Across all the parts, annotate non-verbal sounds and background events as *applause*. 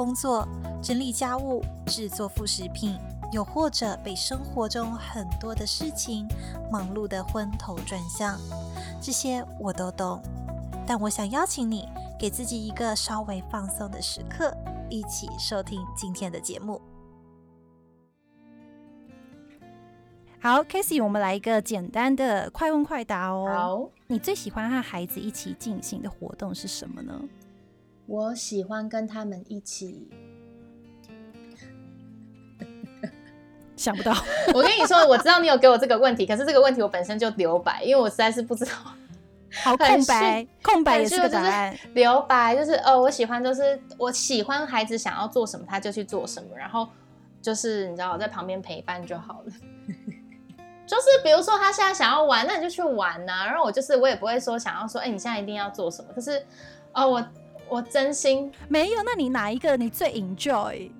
工作、整理家務、製作副食品，又或者被生活中很多的事情忙碌得昏頭轉向，這些我都懂。但我想邀請你，給自己一個稍微放鬆的時刻，一起收聽今天的節目。好，Cassie，我們來一個簡單的快問快答哦。好你最喜歡和孩子一起進行的活動是什麼呢？我喜歡跟他們一起， *laughs* 想不到。 *laughs* 我跟你說，我知道你有給我這個問題，可是這個問題我本身就留白，因為我實在是不知道。好空白， *laughs* 是空白也是個答案。留白就是，哦，我喜歡，就是我喜歡孩子想要做什麼，他就去做什麼，然後就是你知道，我在旁邊陪伴就好了。 *laughs* 就是比如說，他現在想要玩，那你就去玩吶、啊。然後我就是，我也不會說想要說，哎，你現在一定要做什麼？可是，哦，嗯、我。我真心沒有，那你哪一個你最 enjoy？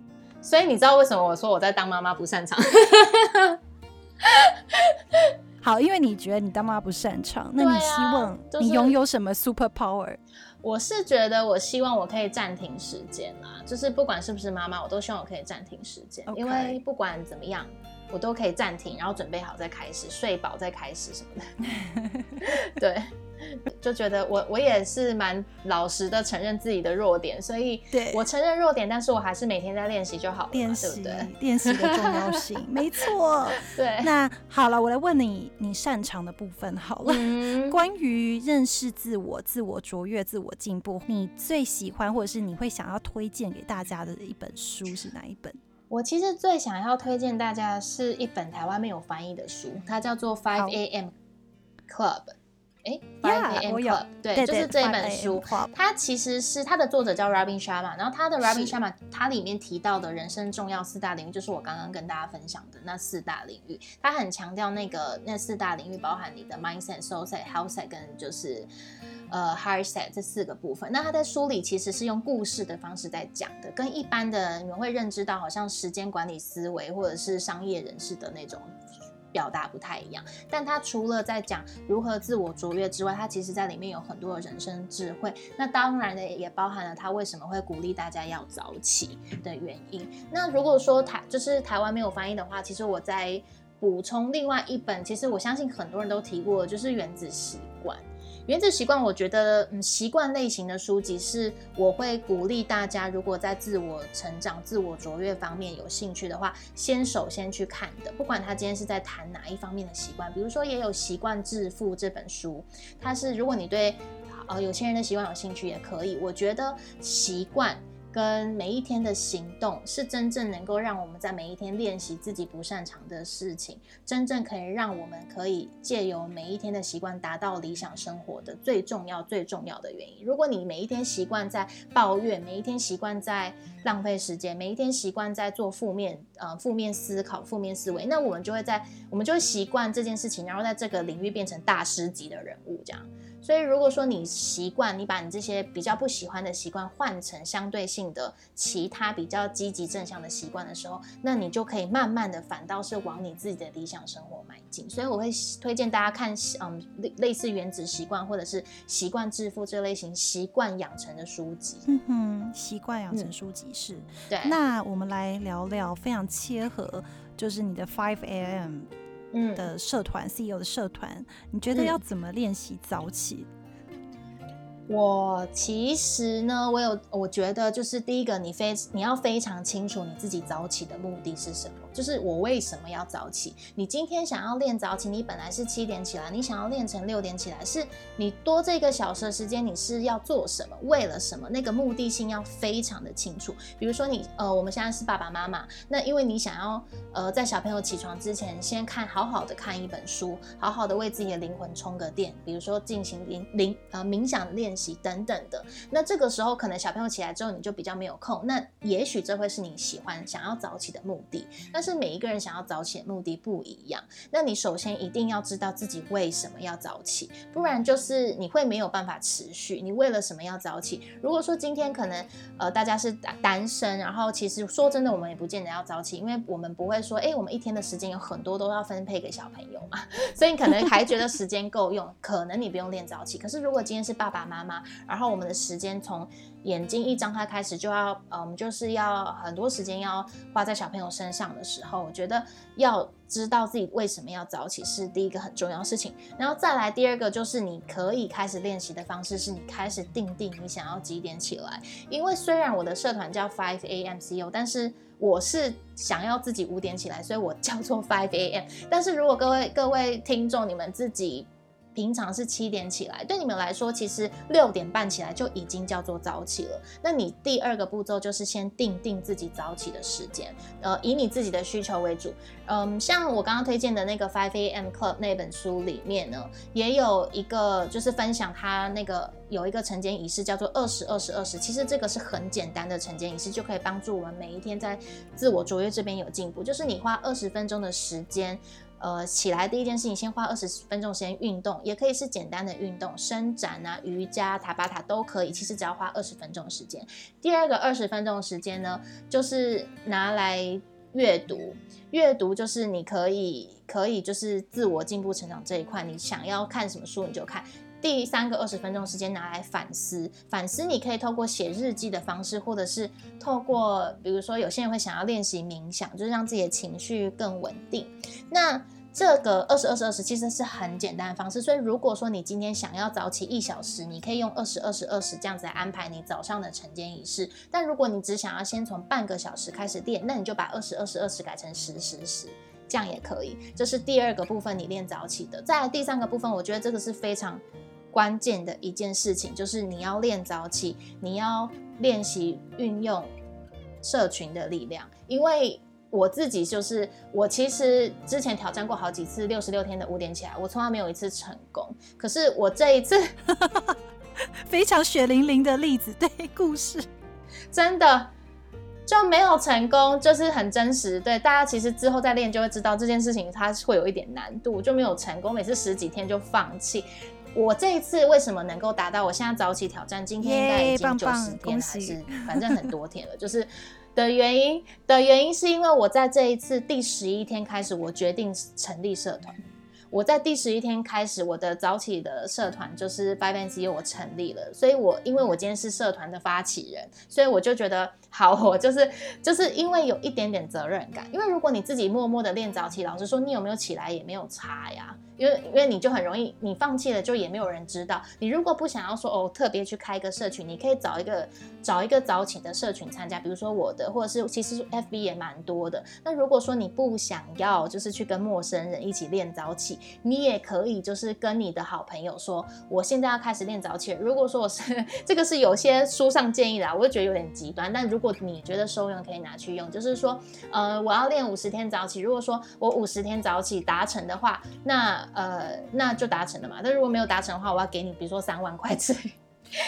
所以你知道為什麼我說我在當媽媽不擅長？ *laughs* 好，因為你覺得你當媽媽不擅長，啊、那你希望你擁有什麼 super power？、就是、我是覺得我希望我可以暫停時間啊，就是不管是不是媽媽，我都希望我可以暫停時間，Okay. 因為不管怎麼樣，我都可以暫停，然後準備好再開始，睡飽再開始什麼的。 *laughs* 對。就覺得我我也是蠻老實的，承認自己的弱點，所以對我承認弱點，對但是我還是每天在練習就好了，習對不對？練習的重要性， *laughs* 沒錯。對，那好了，我來問你，你擅長的部分好了，嗯、關於認識自我、自我卓越、自我進步，你最喜歡或者是你會想要推薦給大家的一本書是哪一本？我其實最想要推薦大家是一本台灣沒有翻譯的書，它叫做 Five AM Club。哎5 a.m. Club 對，對對，就是這本書，它其實是它的作者叫 Robin Sharma，然後他的 Robin Sharma，他是裡面提到的人生重要四大領域，就是我剛剛跟大家分享的那四大領域，他很強調那個那四大領域包含你的 mindset、soulset、healthset，跟就是呃 heartset 這四個部分。那他在書裡其實是用故事的方式在講的，跟一般的你們會認知到好像時間管理思維或者是商業人士的那種。表達不太一樣，但他除了在講如何自我卓越之外，他其實在裡面有很多的人生智慧。那當然呢，也包含了他為什麼會鼓勵大家要早起的原因。那如果說台就是台灣沒有翻譯的話，其實我再補充另外一本，其實我相信很多人都提過，就是《原子習慣》。原子習慣，習慣我覺得嗯，習慣類型的書籍是我會鼓勵大家，如果在自我成長、自我卓越方面有興趣的話，先首先去看的。不管他今天是在談哪一方面的習慣，比如說也有《習慣致富》這本書，它是如果你對、呃、有錢人的習慣有興趣，也可以。我覺得習慣。跟每一天的行動是真正能夠讓我們在每一天練習自己不擅長的事情，真正可以讓我們可以借由每一天的習慣達到理想生活的最重要最重要的原因。如果你每一天習慣在抱怨，每一天習慣在浪費時間，每一天習慣在做負面、呃、負面思考、負面思維，那我們就會在我們就會習慣這件事情，然後在這個領域變成大師級的人物這樣。所以，如果說你習慣你把你這些比較不喜歡的習慣換成相對性的其他比較積極正向的習慣的時候，那你就可以慢慢的反倒是往你自己的理想生活邁進。所以，我會推薦大家看，嗯，類似原子習慣或者是習慣致富這類型習慣養成的書籍的。嗯哼，習慣養成書籍是。嗯，對。那我們來聊聊非常切合，就是你的 5am。嗯，的社團 CEO 的社團，你覺得要怎麼練習早起？嗯。我其實呢，我有，我覺得就是第一個，你非你要非常清楚你自己早起的目的是什麼？就是我為什麼要早起？你今天想要練早起，你本來是七點起來，你想要練成六點起來，是你多這個小時的時間，你是要做什麼？為了什麼？那個目的性要非常的清楚。比如說你呃，我們現在是爸爸媽媽，那因為你想要呃，在小朋友起床之前，先看好好的看一本書，好好的為自己的靈魂充個電，比如說進行靈靈呃冥想練習等等的。那這個時候可能小朋友起來之後你就比較沒有空，那也許這會是你喜歡想要早起的目的。但是每一個人想要早起的目的不一樣，那你首先一定要知道自己為什麼要早起，不然就是你會沒有辦法持續。你為了什麼要早起？如果說今天可能呃大家是單身，然後其實說真的，我們也不見得要早起，因為我們不會說，哎，我們一天的時間有很多都要分配給小朋友嘛，所以你可能還覺得時間夠用， *laughs* 可能你不用練早起。可是如果今天是爸爸媽媽，然後我們的時間從。眼睛一張開開始就要，嗯，就是要很多時間要花在小朋友身上的時候，我覺得要知道自己為什麼要早起是第一個很重要的事情，然後再來第二個就是你可以開始練習的方式是你開始定定你想要幾點起來，因為雖然我的社團叫 5amCEO，但是我是想要自己五點起來，所以我叫做 5am。但是如果各位各位聽眾你們自己。平常是七點起來，對你們來說，其實六點半起來就已經叫做早起了。那你第二個步驟就是先定定自己早起的時間，呃，以你自己的需求為主。嗯，像我剛剛推薦的那個 Five A.M. Club 那本書裡面呢，也有一個就是分享他那個有一個晨間儀式，叫做二十、二十、二十。其實這個是很簡單的晨間儀式，就可以幫助我們每一天在自我卓越這邊有進步。就是你花二十分鐘的時間。呃，起來第一件事情，先花二十分鐘時間運動，也可以是簡單的運動、伸展啊、瑜伽、塔巴塔都可以。其實只要花二十分鐘的時間。第二個二十分鐘的時間呢，就是拿來閱讀。閱讀就是你可以，可以就是自我進步成長這一塊，你想要看什麼書你就看。第三個二十分鐘時間拿來反思，反思你可以透過寫日記的方式，或者是透過比如說有些人會想要練習冥想，就是讓自己的情緒更穩定。那這個二十二十二十其實是很簡單的方式，所以如果說你今天想要早起一小時，你可以用二十二十二十這樣子來安排你早上的晨間儀式。但如果你只想要先從半個小時開始練，那你就把二十二十二十改成十十十，這樣也可以。這、就是第二個部分，你練早起的。在第三個部分，我覺得這個是非常。關鍵的一件事情，就是你要練早起，你要練習運用社群的力量。因為我自己就是，我其實之前挑戰過好幾次六十六天的五點起來，我從來沒有一次成功。可是我這一次， *laughs* 非常血淋淋的例子，對，故事，真的。就沒有成功，就是很真實。對大家，其實之後再練就會知道這件事情，它是會有一點難度，就沒有成功。每次十幾天就放棄。我這一次為什麼能夠達到？我現在早起挑戰，今天應該已經九十天，還是反正很多天了。就是的原因的原因，是因為我在這一次第十一天開始，我決定成立社團。我在第十一天開始，我的早起的社團就是 5amCEO 我成立了，所以我、我因為，我今天是社團的發起人，所以我就覺得，好，我就是，就是因為有一點點責任感，因為如果你自己默默的練早起，老實說，你有沒有起來也沒有差呀。因為因為你就很容易，你放棄了就也沒有人知道。你如果不想要說哦，特別去開一個社群，你可以找一個找一個早起的社群參加，比如說我的，或者是其實 FB 也蠻多的。那如果說你不想要，就是去跟陌生人一起練早起，你也可以就是跟你的好朋友說，我現在要開始練早起了。如果說我是這個是有些書上建議的，我就覺得有點極端。但如果你覺得受用，可以拿去用。就是說，呃，我要練五十天早起。如果說我五十天早起達成的話，那呃，那就達成了嘛。但如果沒有達成的話，我要給你，比如說三萬塊錢。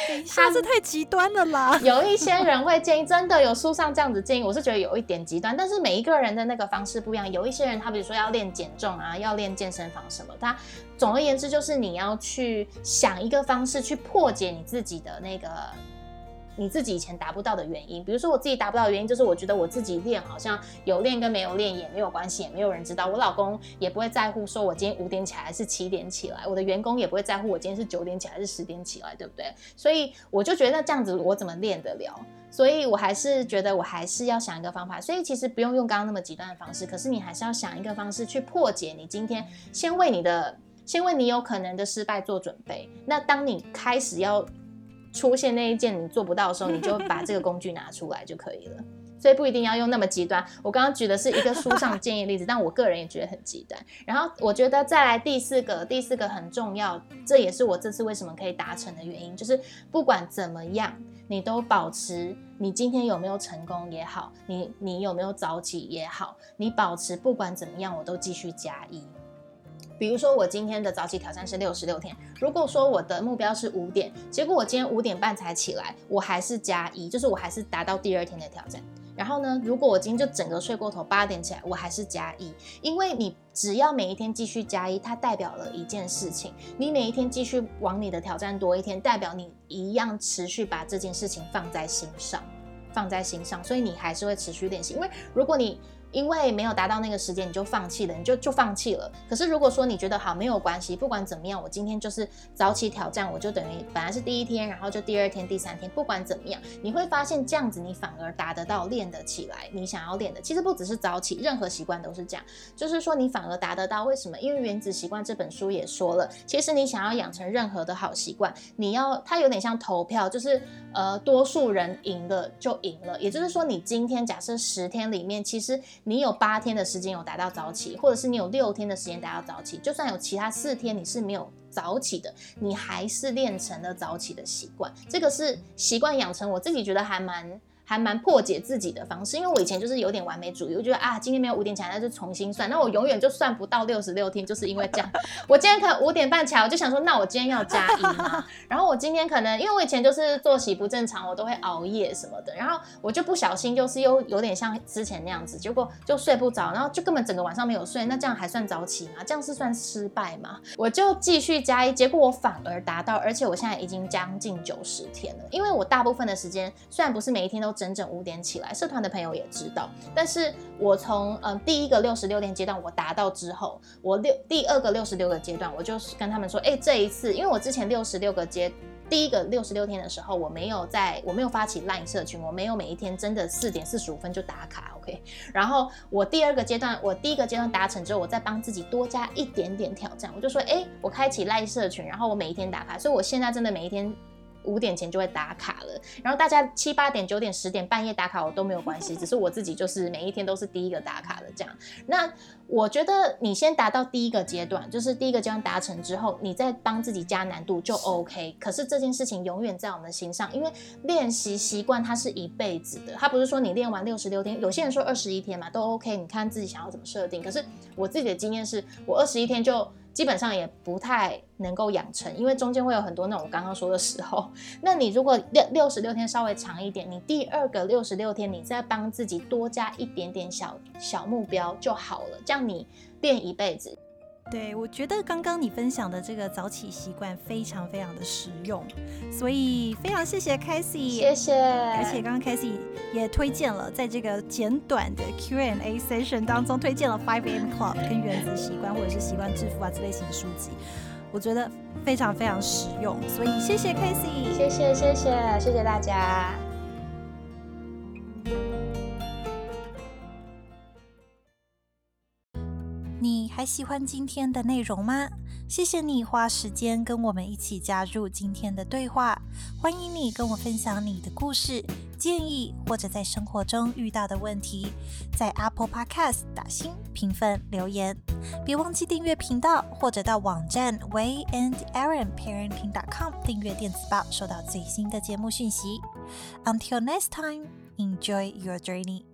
這是太極端了啦。 *laughs* 有一些人會建議，真的有書上這樣子建議，我是覺得有一點極端。但是每一個人的那個方式不一樣，有一些人他比如說要練減重啊，要練健身房什麼。他總而言之就是你要去想一個方式去破解你自己的那個。你自己以前達不到的原因，比如說我自己達不到的原因，就是我覺得我自己練好像有練跟沒有練也沒有關係，也沒有人知道，我老公也不會在乎說我今天五點起來還是七點起來，我的員工也不會在乎我今天是九點起來還是十點起來，對不對？所以我就覺得這樣子我怎麼練得了？所以我還是覺得我還是要想一個方法，所以其實不用用剛剛那麼極端的方式，可是你還是要想一個方式去破解你今天先為你的先為你有可能的失敗做準備。那當你開始要出現那一件你做不到的時候，你就把這個工具拿出來就可以了。所以不一定要用那麼極端。我剛剛舉的是一個書上建議的例子，但我個人也覺得很極端。然後我覺得再來第四個，第四個很重要，這也是我這次為什麼可以達成的原因，就是不管怎麼樣，你都保持你今天有沒有成功也好，你你有沒有早起也好，你保持不管怎麼樣，我都繼續加一。比如說，我今天的早起挑戰是六十六天。如果說我的目標是五點，結果我今天五點半才起來，我還是加一，1, 就是我還是達到第二天的挑戰。然後呢，如果我今天就整個睡過頭，八點起來，我還是加一，1, 因為你只要每一天繼續加一，1, 它代表了一件事情，你每一天繼續往你的挑戰多一天，代表你一樣持續把這件事情放在心上，放在心上，所以你還是會持續練習。因為如果你因為沒有達到那個時間，你就放棄了，你就就放棄了。可是如果說你覺得好，沒有關係，不管怎麼樣，我今天就是早起挑戰，我就等於本來是第一天，然後就第二天、第三天，不管怎麼樣，你會發現這樣子，你反而達得到，練得起來。你想要練的，其實不只是早起，任何習慣都是這樣，就是說你反而達得到。為什麼？因為《原子習慣》這本書也說了，其實你想要養成任何的好習慣，你要它有點像投票，就是呃多數人贏了就贏了。也就是說，你今天假設十天裡面，其實。你有八天的時間有達到早起，或者是你有六天的時間達到早起，就算有其他四天你是沒有早起的，你還是練成了早起的習慣。這個是習慣養成，我自己覺得還蠻。還蠻破解自己的方式，因為我以前就是有點完美主義，我覺得啊，今天沒有五點起來，那就重新算，那我永遠就算不到六十六天，就是因為這樣。我今天可能五點半起來，我就想說，那我今天要加一嘛。然後我今天可能，因為我以前就是作息不正常，我都會熬夜什麼的。然後我就不小心，就是又有點像之前那樣子，結果就睡不着，然後就根本整個晚上沒有睡。那這樣還算早起嗎？這樣是算失敗嗎？我就繼續加一，結果我反而達到，而且我現在已經將近九十天了，因為我大部分的時間雖然不是每一天都。整整五點起來，社團的朋友也知道。但是我從嗯第一個六十六天階段我達到之後，我六第二個六十六個階段，我就是跟他們說，誒、欸，這一次因為我之前六十六個階第一個六十六天的時候，我沒有在我沒有發起 Line 社群，我沒有每一天真的四點四十五分就打卡，OK。然後我第二個階段，我第一個階段達成之後，我再幫自己多加一點點挑戰，我就說，誒、欸，我開啟 Line 社群，然後我每一天打卡，所以我現在真的每一天。五點前就會打卡了，然後大家，七八點、九點、十點、半夜打卡我都沒有關係，只是我自己就是每一天都是第一個打卡的這樣。那我覺得你先達到第一個階段，就是第一個階段達成之後，你再幫自己加難度就 OK 是。可是這件事情永遠在我們心上，因為練習習慣它是一輩子的，它不是說你練完六十六天，有些人說二十一天嘛都 OK，你看自己想要怎麼設定。可是我自己的經驗是我二十一天就。基本上也不太能夠養成，因為中間會有很多那種我剛剛說的時候。那你如果六六十六天稍微長一點，你第二個六十六天，你再幫自己多加一點點小小目標就好了，這樣你練一輩子。對，我覺得剛剛你分享的這個早起習慣非常非常的實用，所以非常謝謝 Cassie 謝謝。而且剛剛 Cassie 也推薦了，在這個簡短的 Q&A session 當中推薦了 Five A.M. Club 跟原子習慣或者是習慣致富啊之類型的書籍，我覺得非常非常實用，所以謝謝 Cassie 謝謝謝謝謝謝大家。還喜歡今天的內容嗎？謝謝你花時間跟我們一起加入今天的對話。歡迎你跟我分享你的故事、建議或者在生活中遇到的問題，在 Apple Podcast 打星評分留言。別忘記訂閱頻道，或者到網站 WeiandErinParenting.com 訂閱電子報，收到最新的節目訊息。Until next time, enjoy your journey.